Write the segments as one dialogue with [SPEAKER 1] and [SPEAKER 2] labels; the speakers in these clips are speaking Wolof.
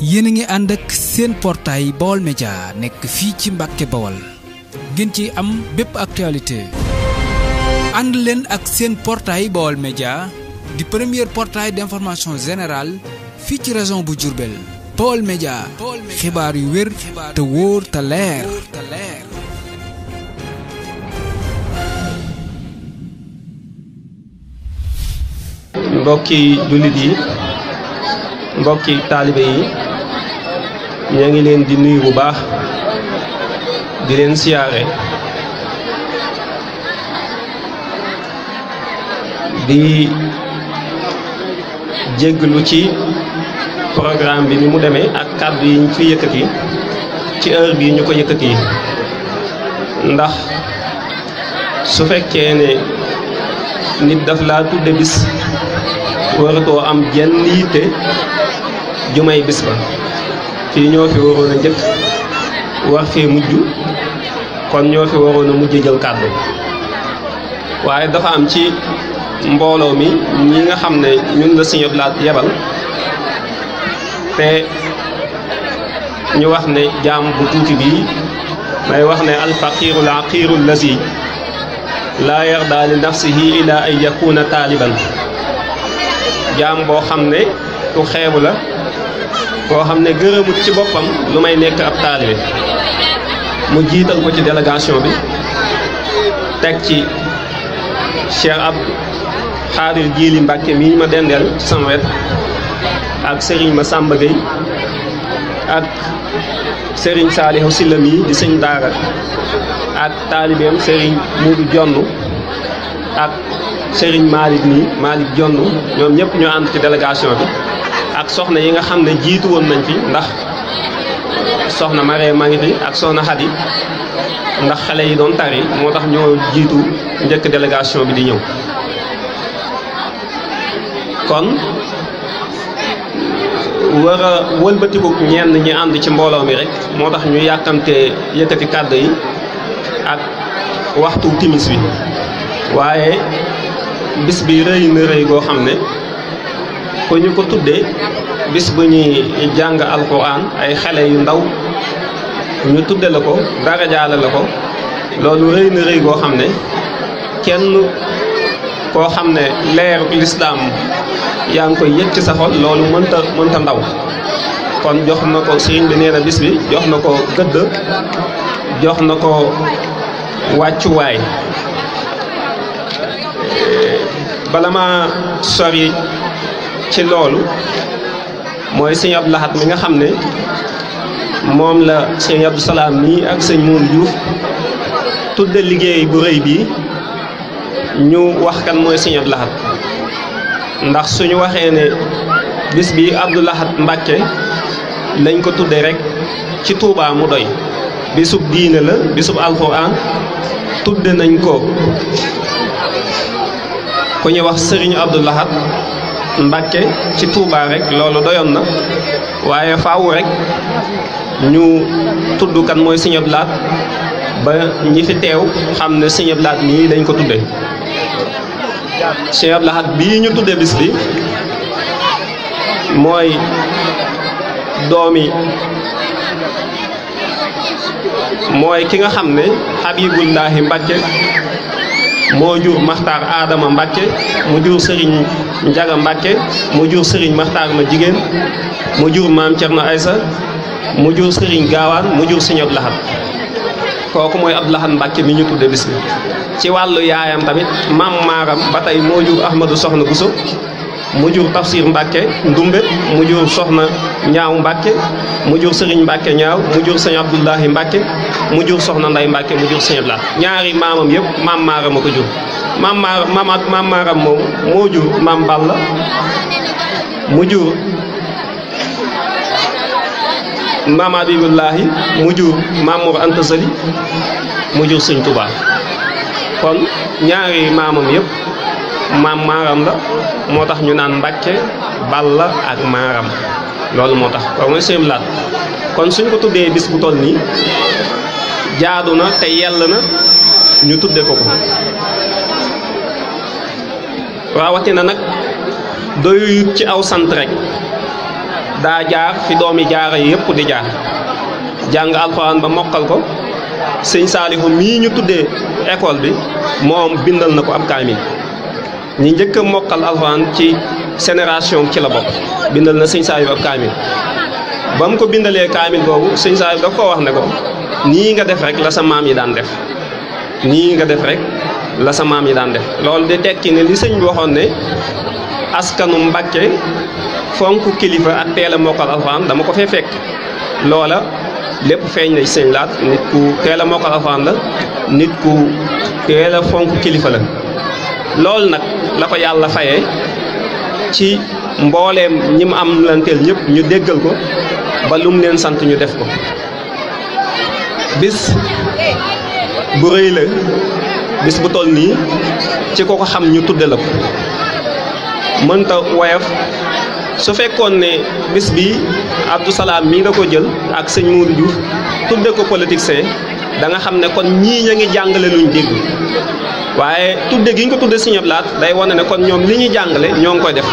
[SPEAKER 1] yéen a ngi ànd ak seen portail Baol Média nekk fii ci Mbàkke Baol ngeen ci am bépp actualité ànd leen ak seen portail Baol Média di premier portail d'information générale fii ci région bu Diourbel Baol Média xibaar yu wér te wóor te leer mbokki taalibe yi ñoo ngi leen di nuyu bu baax di leen siyaare di jégglu ci programme bi ni mu demee ak kàddu yi ñu fi yëkkati ci heure bii ñu ko yëkkati ndax su fekkee ne nit daf laa tudde bis waratoo am jenn yitte jumay bis ba fii ñoo fi waroon a njëkk wax fee mujj kon ñoo fi waroon a mujj jël kàddu waaye dafa am ci mbooloo mi ñi nga xam ne ñun la Sëñ Abdou yebal te ñu wax ne jaam bu tuuti bii may wax ne alfaqiru laqiru lazi laa yarda li nafsihi ila an yakuna taaliban jaam boo xam ne ku xeebu la boo xam ne gërëmut ci boppam lu may nekk ab taalibe mu jiital ko ci délégation bi teg ci Cheikh ab Xaadir Jiili Mbàkke mii ma dendeel ci sama wet ak Serigne Massamba Gueye ak Serigne Saalihu Silla mii di sëñ daara ak taalibeem Serigne Muudu Jonn ak sëriñ Malick mii Malick Jonn ñoom ñëpp ñoo ànd ci délégation bi ak soxna yi nga xamne jitu won nañ fi ndax soxna mare ma ngi fi ak soxna hadi ndax xalé yi don tari motax ñoo jitu njëkk délégation bi di ñew kon wara a ko ñen ñi and ci mbolo mi rek motax ñu yakamte yëkkati kàdd yi ak waxtu timis bi waye bis bi rëy ne rëy go xamne ko ñu ko tuddee bis bu ñuy jàng alquran ay xale yu ndaw ñu tudde la ko dara jaale la ko loolu rëy na rëy goo xam ne kenn koo xam ne leer lislaam yaa ngi koy yëg ci sa xol loolu mënta mënta ndaw kon jox na ko sëriñ bi nee na bis bi jox na ko gëdd jox na ko wàccuwaay bala ma sori ci loolu mooy sëñ Abdou mi nga xam ne moom la sëñ Abdou Salaam nii ak sëñ Mour Diouf tudde liggéey bu rëy bii ñu wax kan mooy sëñ Abdou ndax suñu waxee ne bis bi Abdou Lahad Mbàkke lañ ko tudde rekk ci Touba mu doy bisub diine la bisu bisub alxuraan tudde nañ ko ku ñu wax sëriñu Abdou laxat Mbàkke ci Touba rek loolu doyoon na waaye faaw rek ñu tudd kan mooy Sëñ Abdu Lahat ba ñi fi teew xam ne Sëñ Abdu Lahat mii dañ ko tuddee Sëñ Abdu Lahat bii ñu tuddee bis bi mooy doomi mooy ki nga xam ne Habibullahi Mbàkke moo jur maxtaar aadama mbàkke mu jur sëriñ njaga mbàkke mu jur sëriñ maxtaar ma jigéen mu jur maam cerno aysa mu jur sëriñ gaawaan mu jur sëñ Abdou kooku mooy ab Lahad mbàkke mi ñu tudde bis ci wàllu yaayam tamit maam maaram ba tey moo jur ahmadou soxna guso mu jur tafsir mbàkke ndumbe mu jur soxna ñaaw mbàkke mu jur sëriñ mbàkke ñaaw mu jur sëñ abdullahi mbàkke mu jur soxna nday mbàkke mu jur sëñ abdullah ñaari maamam yëpp maam maaram a ko jur maam maara maamaat maam maaram moom moo jur maam balla mu jur maam abibullahi mu jur maam mor anta sali mu jur sëñ tubaa kon ñaari maamam yëpp maam maaram la moo tax ñu naan mbàcce balla ak maaram loolu moo tax kon mooy sëñ laat kon suñ ko tuddee bis bu toll nii jaadu na te yell na ñu tudde ko ko rawatina nag doyut ci aw sant rek daa jaar fi doomi jaara yépp di jaar jàng alxuraan ba mokkal ko sëñ Saalihu mii ñu tuddee école bi moom bindal na ko ab kaamil ñi njëkk a mokkal alxuraan ci génération ci la bindal na sëñ Saliou ab kaamil ba ko bindalee kaamil boobu sëñ Saliou daf ko wax ne ko nii nga def rek la sa maam yi daan def nii nga def rek la sa maam yi daan def loolu di tekki ne li sëñ bi waxoon ne askanu Mbàkke fonk kilifa ak teel a mokkal alxuraan dama ko fee fekk loola lépp feeñ la sëñ laat nit ku teel a mokkal alxuraan la nit ku teel fonk kilifa la loolu nag la ko yàlla faye ci mbooleem ñi mu am lanteel ñëpp ñu déggal ko ba lu mu leen sant ñu def ko bis bu rëy la bis bu toll nii ci ko ko xam ñu tudde la ko mënta woyof su fekkoon ne bis bi Abdou Salaam mii da ko jël ak sëñ Mourou Diouf tudde ko politique see da xam ne kon ñii ña ngi jàngale luñ dégg waaye tudde giñ ko tudde Sëñ Abdu day wane ne kon ñoom li ñuy jàngale ñoo ngi koy def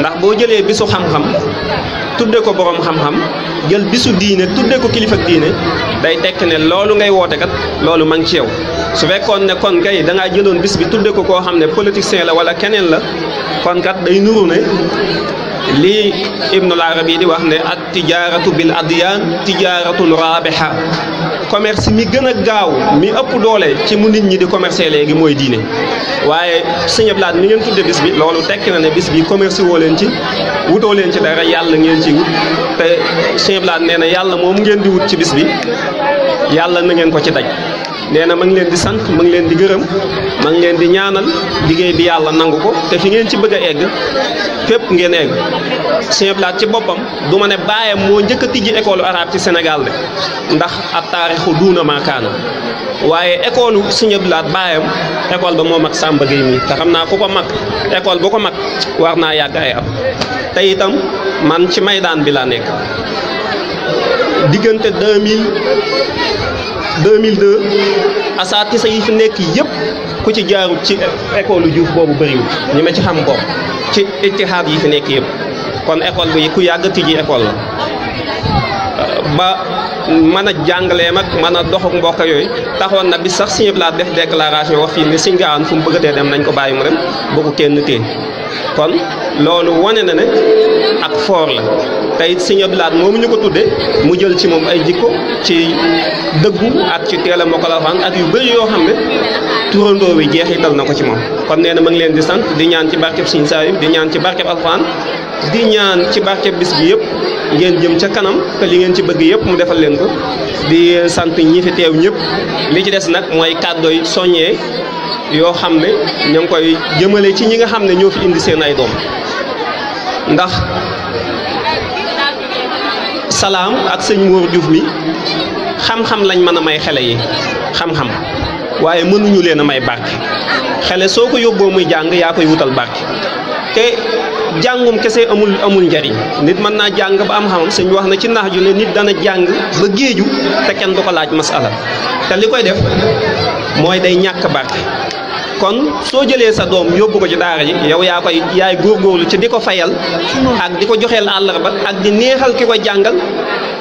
[SPEAKER 1] ndax boo jëlee bisu xam-xam tudde ko borom xam-xam jël bisu diine tudde ko kilifa diine day tekk ne loolu ngay woote kat loolu ma ci yow su fekkoon ne kon kay da ngaa jëloon bis bi tudde ko koo xam ne politicien la wala keneen la kon kat day nuru ne li ibn al arabi di wax ne at tijaratu bil adyaan tijaaratun rabiha commerce mi gëna gaaw mi ëpp doole ci mu nit ñi di commercer légui moy diine waye seigne blad ni ngeen tudde bis bi lolu tek na ne bis bi commerce wo leen ci wuto leen ci dara yàlla ngeen ci wut te seigne blad neena na yàlla moom ngeen di wut ci bis bi yàlla na ngeen ko ci daj neena na ma ngi len di sant ma ngi len di gërëm ma ngi len di ñaanal liggéey bi yalla nangu ko te fi ngeen ci bëgg egg fep ngeen egg Sëñ Blaat ci bopam duma ne baye mo ñëk a école arabe ci Sénégal de ndax tarikhu duna ma kana waye école Blaat école ba mo mak Samba gey mi ta xamna ku ko mak école bu ko mak warna naa ay am tay itam man ci bi la nek 2000. 2002 asaatisa yi fi nekk yëpp ku ci jaarut ci école yu Diouf boobu bëriwul ñi ma ci xam bopp ci ittihaad yi fi nekk yëpp kon école bi ku yàgg tijji école la ba mana jangale mak mana dox ak mbokk yoy taxon na bi sax suñu blaat def déclaration wax fi ni suñ gaawaan fu mu dem nañ ko bayyi mu dem bëggu kenn té kon lolu woné na né ak for la tey suñu blad moomu ñu ko tudde mu jël ci mom ay jikko ci dëggu ak ci téla a la alxuraan ak yu bëri yo xamné ne wi bi jeexital nako ci mom kon néna ma ngi leen di sant di ñaan ci barkeb suñ saayu di ñaan ci barkeb alxuraan di ñaan ci barkeb bis bi yépp ngeen jëm ca kanam té li ngeen ci bëgg yépp mu defal leen sant di sant ñi fi teew ñëpp li ci des nag mooy kàddoy soññee yoo xam ne ñoo ngi koy jëmale ci ñi nga xam ne ñoo fi indi seen ay doom ndax salaam ak sëñ Mor Diouf mi xam-xam lañ mën a may xele yi xam-xam waaye mënuñu leen a may barke xele soo ko yóbboo muy jàng yaa koy wutal barke te jàngum kese amul amul njariñ nit mën naa jàng ba am xamam sëñ wax na ci naax ju ne nit dana jàng ba géeju te kenn du ko laaj masala te li koy def mooy day ñàkk barke kon soo jëlee sa doom yóbbu ko ci daara ji yow yaa koy yaay góorlu ci di ko fayal ak di ko joxeel àllarba ak di neexal ki ko jàngal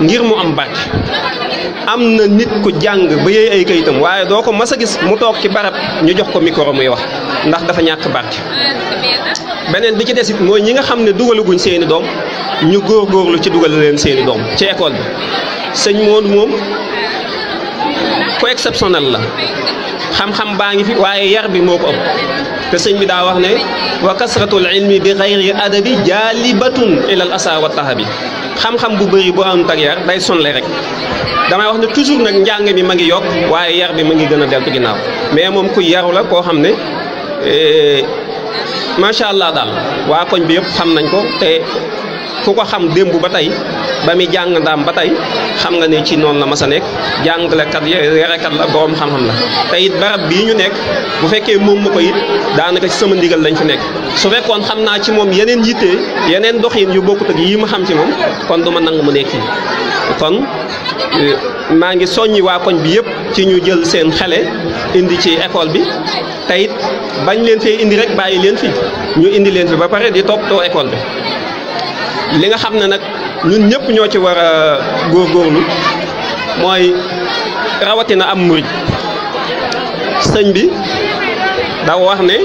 [SPEAKER 1] ngir mu am barke am na nit ku jàng ba yëy ay kayitam waaye doo ko mas a gis mu toog ci barab ñu jox ko micro muy wax ndax dafa ñàkk barke beneen bi ci des it mooy ñi nga xam ne dugaluguñ seeni doom ñu góorgóorlu ci dugal leen seeni doom ci école bi sëñ Modou moom ko exceptionnel la xam-xam baa ngi fi waaye yar bi moo ko ëpp te sëñ bi daa wax ne wa kasratul ilmi bi xayri adabi jaalibatun ilal asa wa tahabi xam-xam bu bëri bu am tak yar day sonle rek damay wax ne toujours nag njàng mi ma ngi yokk waaye yar bi ma ngi gën a deltu ginnaaw mais moom ku yaru la koo xam ne macha allah daal waa koñ bi yëpp xam nañ ko te ku ko xam démb ba tey ba muy jàng ndaam ba tey xam nga ne ci noonu la mas a nekk jàngalekat yarekat la borom xam-xam la te it barab bii ñu nekk bu fekkee moom mu ko it daanaka ci sama ndigal lañ fi nekk su fekkoon xam naa ci moom yeneen yitte yeneen doxin yu bokkut ak yii ma xam ci moom kon du ma nangu mu nekk kon euh, maa ngi soññi waa koñ bi yëpp ci ñu jël seen xele indi ci école bi te bañ leen fee indi rek bàyyi leen fi ñu indi leen fi ba pare di too école bi ñun ñëpp ñoo ci war a góor góorlu mooy rawatina am murid sëñ bi da wax ne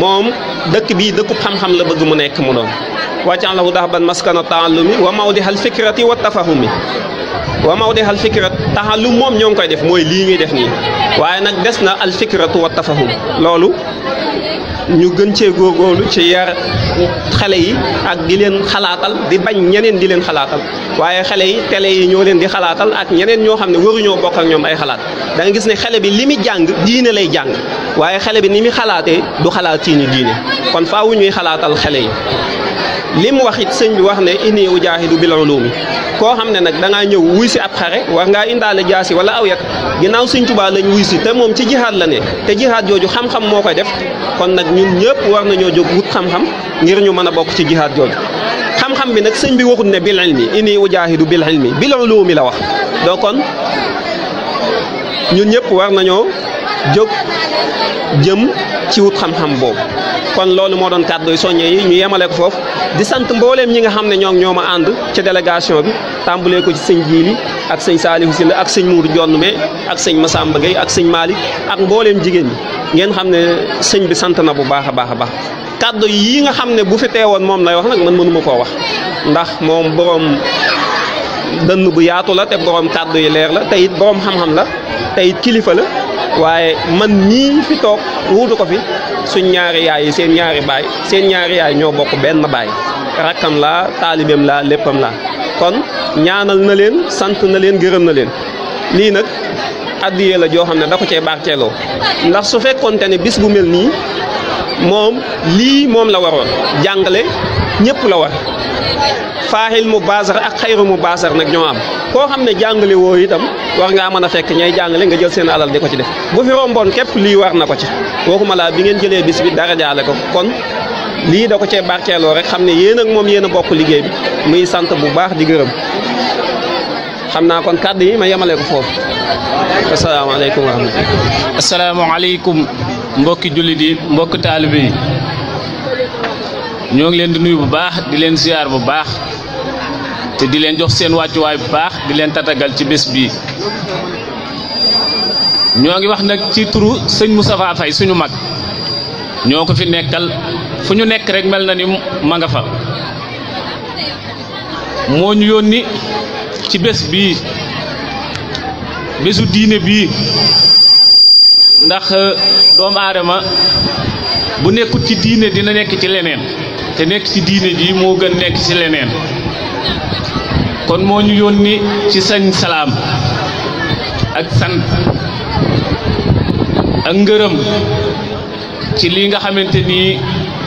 [SPEAKER 1] moom dëkk bii dëkkub xam-xam la bëgg mu nekk mu doon la wu dax ban maskana taallumi wa mawdihal fikrati wa tafahumi wa mawdihal fikrat taallum moom ñoo ngi koy def mooy lii ñuy def nii waaye nag des na al fikratu wa tafahum loolu ñu gën cee góorgóorlu ci yar xale yi ak di leen xalaatal di bañ ñeneen di leen xalaatal waaye xale yi tele yi ñoo leen di xalaatal ak ñeneen ñoo xam ne waruñoo bokk ak ñoom ay xalaat da gis ne xale bi li muy jàng diine lay jàng waaye xale bi ni muy xalaatee du xalaat ci diine kon faawu ñuy xalaatal xale yi li mu wax it sëñ bi wax ne inni ujaahidu bil ulumi koo xam ne nag da ñëw wuy si ab xare war ngaa indaale jaasi wala aw yat ginnaaw sëñ Tuubaa lañ wuy si te moom ci jihaad la ne te jihaad jooju xam-xam moo koy def kon nag ñun ñëpp war nañoo jóg wut xam-xam ngir ñu mën a bokk ci jihaad jooju xam-xam bi nag sëñ bi waxut ne bil ilmi inni ujaahidu bil ilmi bil ulumi la wax doo kon ñun ñëpp war nañoo jóg jëm ci wut xam-xam boobu kon loolu moo doon kàddu yu soññe yi ñu yemale ko foofu di sant mbooleem ñi nga xam ne ñoo ñoo ma ànd ci délégation bi tàmbalee ko ci sëñ Jiili ak sëñ Saalihu Silla ak sëñ Muuru Jonn me ak sëñ Masamba Gay ak sëñ Malick ak mbooleem jigéen ñi ngeen xam ne sëñ bi sant na bu baax a baax a baax kàddu yi nga xam ne bu fi teewoon moom lay wax nag man mënuma koo wax ndax moom boroom dënn bu yaatu la te boroom kàddu yi leer la tey boroom xam-xam la tey kilifa la waaye man ñii fi toog wuutu ko fi suñ ñaari yaay yi seen ñaari seen ñaari ñoo bokk benn baay rakkam laa taalibeem laa léppam laa kon ñaanal na leen sant na leen gërëm na leen lii nag addiye la joo xam ne da ko cee barkeeloo ndax su fekkonte ne bis bu mel nii moom lii moom la waroon jàngale ñëpp la war faaxil mu baasar ak xayru mu baasar nag ñoo am koo xam ne jàngale woo itam war ngaa mën a fekk ñay jàngale nga jël seen alal di ko ci def bu fi romboon képp lii war na ko ci waxuma laa bi ngeen jëlee bis bi dara jaale ko kon lii da ko cee barkeeloo rek xam ne yéen ak moom yéen a bokk liggéey bi muy sant bu baax di gërëm xam naa kon kàddu yi ma yamale ko foofu asalaamaaleykum wa rahmatulah. asalaamaaleykum
[SPEAKER 2] mbokki jullit yi mbokki taalibe yi ñoo ngi leen di nuyu bu baax di leen ziar bu baax te di leen jox seen wàccuwaay bu baax di leen tatagal ci bés bii ñoo ngi wax nag ci turu sëñ Moustapha Faye suñu mag ñoo ko fi nekkal fu ñu nekk rek mel na ni ma nga fa moo ñu yónni ci bés bii bésu diine bii ndax doomu aadama bu nekkut ci diine dina nekk ci leneen te nekk ci diine ji moo gën nekk ci leneen kon moo ñu yónni ci sañ salaam ak sant ak ngërëm ci lii nga xamante ni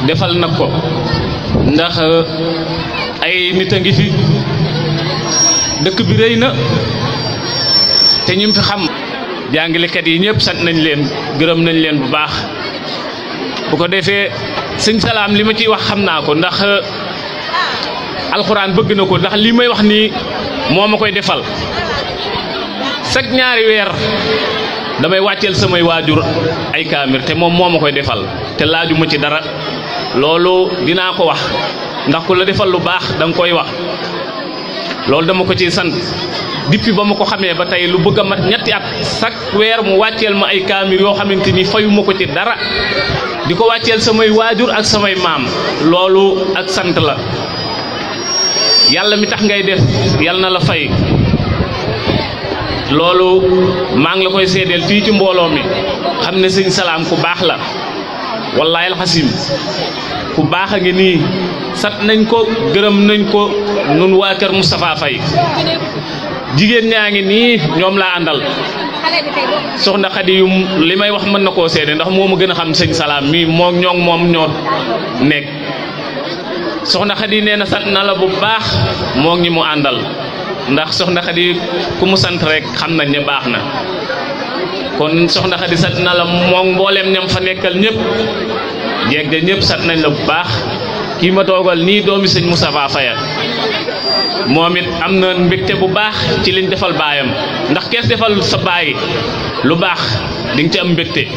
[SPEAKER 2] defal na ko ndax uh, ay nit a ngi fi dëkk bi rëy na te ñu fi xam jàngalekat yi ñëpp sant nañ leen gërëm nañ leen bu baax bu ko defee sëñ salaam li ma ciy wax xam naa ko ndax uh, alxuraan bëgg na ko ndax lii may wax nii moo ma koy defal chaque ñaari weer damay wàcceel samay waajur ay kaamir te moom moo ma koy defal te laajuma ci dara loolu dinaa ko wax ndax ku la defal lu baax danga koy wax loolu dama ko ciy sant depuis ba ma ko xamee ba tey lu bëgg a mat ñetti at chaque weer mu wàcceel ma ay kaamil yoo xamante ni fayuma ko ci dara di ko wàcceel samay waajur ak samay maam loolu ak sant la yàlla mi tax ngay def yàlla na la fay loolu maa ngi la koy seedeel fii ci mbooloo mi xam ne siñ salaam ku baax la wallaay alxasim ku baax a ngi nii sat nañ ko gërëm nañ ko nun waa kër Moustapha Faye jigen ñaa ni ñom la andal soxna khadiyum limay wax man nako sédé ndax moma gëna xam seigne salam mi moo ñok mom ñoo nek soxna khadi neena sat na la bu baax moo ngi mu andal ndax soxna khadi ku mu sant rek xam nañ ne baaxna kon soxna khadi sat na la moom mbooleem ñam fa nekkal ñep jeeg de ñep sat nañ la bu baax ki ma togal ni doomi seigne moustapha Faya moom it am na mbégte bu baax ci liñ defal baayam ndax kees defal sa baay lu baax di ci am mbégte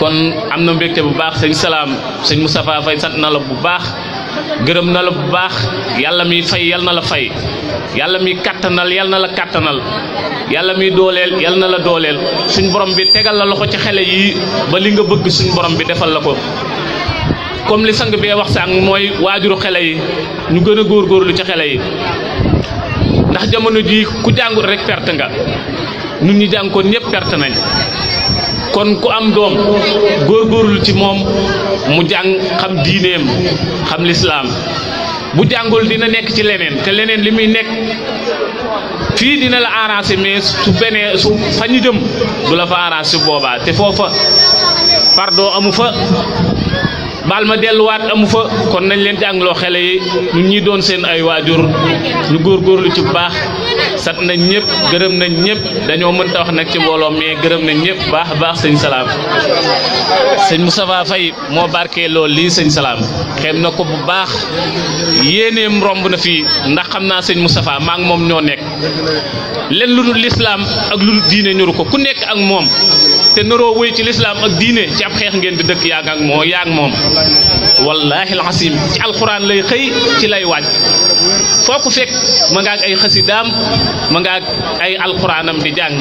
[SPEAKER 2] kon am na mbégte bu baax sëñ salaam sëñ Moustapha Faye sant na bu baax gërëm na bu baax yàlla mi fay yal na la fay yàlla mi kàttanal yal na la kàttanal yàlla mi dooleel yal na la dooleel suñ borom bi tegal la loxo ci xele yi ba li nga bëgg suñ borom bi defal la ko comme li sang bee wax sàng mooy waajuru xele yi ñu gën a góorgóorlu ci xele yi ndax jamono ji ku jàngut rekk perte nga ñun ñu jàng kon ñëpp perte nañ kon ku am doom góorlu ci moom mu jàng xam diineem xam lislaam bu jàngul dina nekk ci leneen te leneen li muy nekk fii dina la arrangé mais su benee su fa ñu jëm du la fa arrangé boobaa te foofa pardon amu fa baal ma delluwaat amu fa kon nañu leen ci jàngloo xele yi ñun ñi doon seen ay waajur ñu góorgóorlu ci bu baax sant nañ ñëpp gërëm nañ ñëpp dañoo mënta wax nag ci mbooloo mais gërëm nañ ñëpp baax baax sëñ salaam sëñ Moustapha Faye moo barkee lool lii sëñ salaam xeem na ko bu baax yéeneem romb na fii ndax xam naa sëñ Moustapha maa ngi moom ñoo nekk leen lu lislaam ak lu dul diine ñoru ko ku nekk ak moom te naroo wéy ci lislaam ak diine ci ab xeex ngeen di dëkk yaag ak moo yaag moom wallaahi alxasim ci alxuraan lay xëy ci lay wàcc foo ko fekk ma ngaag ay xasidaam ma ngaag ay alxuraanam di jàng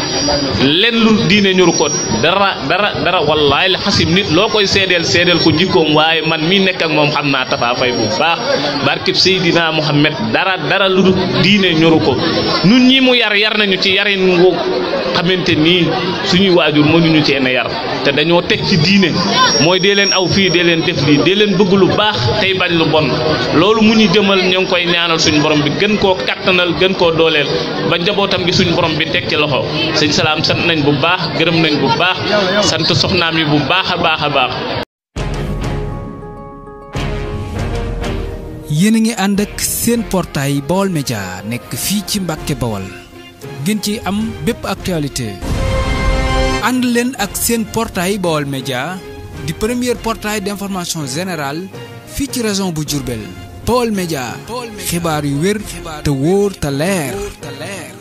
[SPEAKER 2] lenn lu diine ñuru ko dara dara dara wallaahi alxasim nit loo koy seedeel seedeel ko jikkoom waaye man mii nekk ak moom xam naa Tafa Faye bu baax barkib Seydina Muhammad dara dara lu diine ñuru ko nun ñi yar yar nañu ci yarin wu xamanteni suñu wajur waajur ñu ci ene yar te dañoo tek ci diine moy dee len aw fi dee len def li dee len bëgg lu baax tay bañ lu bon loolu mu ñu jëmal ñu koy ñaanal suñu borom bi gën ko kattanal gën ko dolel ba njabotam bi suñu borom bi tek ci loxo señ salam sant nañ bu baax gërem nañ bu baax sant soxnaam yi bu baaxa baaxa baax
[SPEAKER 1] yene ngi ak seen portail Baol media nek fi ci mbacke Bawal gën ci am bépp actualité ànd leen ak seen portail Baol Média di premier portail d'information générale fii ci région bu Diourbel Baol Média xibaar yu wér te wóor te
[SPEAKER 2] leer